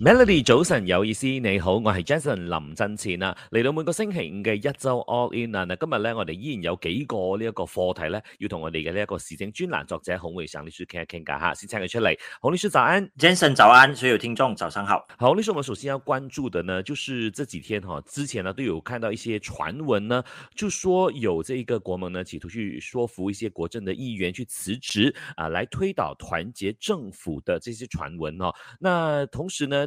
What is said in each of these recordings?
Melody 早晨，有意思，你好，我是 Jason 林振前啊，嚟到每個星期五嘅一周 All In 啊，今日咧我哋依然有幾個呢一個課題咧，要同我哋嘅呢一個時政專欄作者孔偉尚律師傾一傾㗎吓，先請佢出嚟。孔律師早安，Jason 早安，所有聽眾早上好。孔律師，我們首先要關注的呢，就是這幾天哈，之前呢都有看到一些傳聞呢，就說有這一個國盟呢，企圖去說服一些國陣的議員去辭職啊，來推倒團結政府的這些傳聞哦。那同時呢，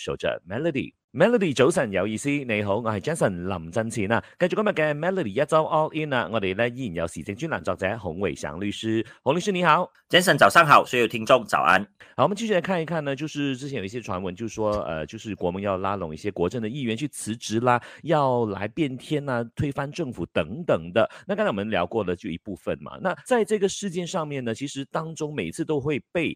守着 Melody，Melody 早晨有意思，你好，我係 Jason 林振錢啊，繼續今日嘅 Melody 一周 All In 啊，我哋咧依然有時政專欄作者洪偉祥律師，洪律師你好，Jason 早上好，所有聽眾早安，好，我們繼續嚟看一看呢，就是之前有一些傳聞，就說，呃，就是國盟要拉攏一些國陣嘅議員去辭職啦，要來變天啦、啊，推翻政府等等的，那剛才我們聊過咗就一部分嘛，那在這個事件上面呢，其實當中每次都會被。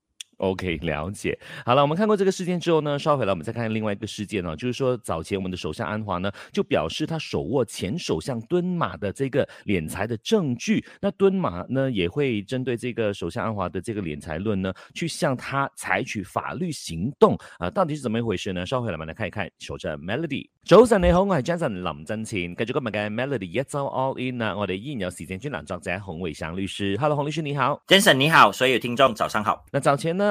O.K. 了解，好了，我們看過這個事件之後呢，稍回來我們再看，看另外一個事件哦，就是說早前我們的首相安華呢就表示他手握前首相敦馬的這個斂財的證據，那敦馬呢也會針對這個首相安華的這個斂財論呢去向他採取法律行動啊、呃，到底是怎麼一回事呢？稍回來，我們來看一看。首相 Melody，早晨你好，我係 Jason 林真前，感覺今日嘅 Melody 一周 all in 啦，我哋依然有時間專欄作者洪偉翔律師，Hello 洪律師你好，Jason 你好，所有聽眾早上好，那早前呢？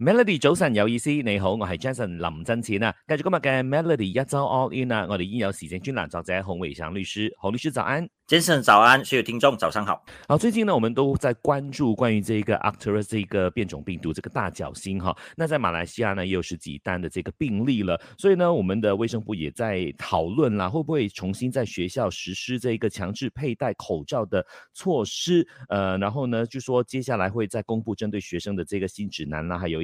Melody 早晨有意思，你好，我係 Jason 林振錢啊。繼續今日 Melody 一早 All In 啊，我哋已有時政君欄早者孔維祥律師，孔律師早安，Jason 早安，所有聽眾早上好。好，最近呢，我們都在關注關於這個 u c t e r s 個變種病毒，這個大腳星哈。那在馬來西亞呢，又是幾單的這個病例了，所以呢，我們的衛生部也在討論啦，會不會重新在學校實施這一個強制佩戴口罩的措施、呃？然後呢，就說接下來會再公布針對學生的這個新指南啦，還有，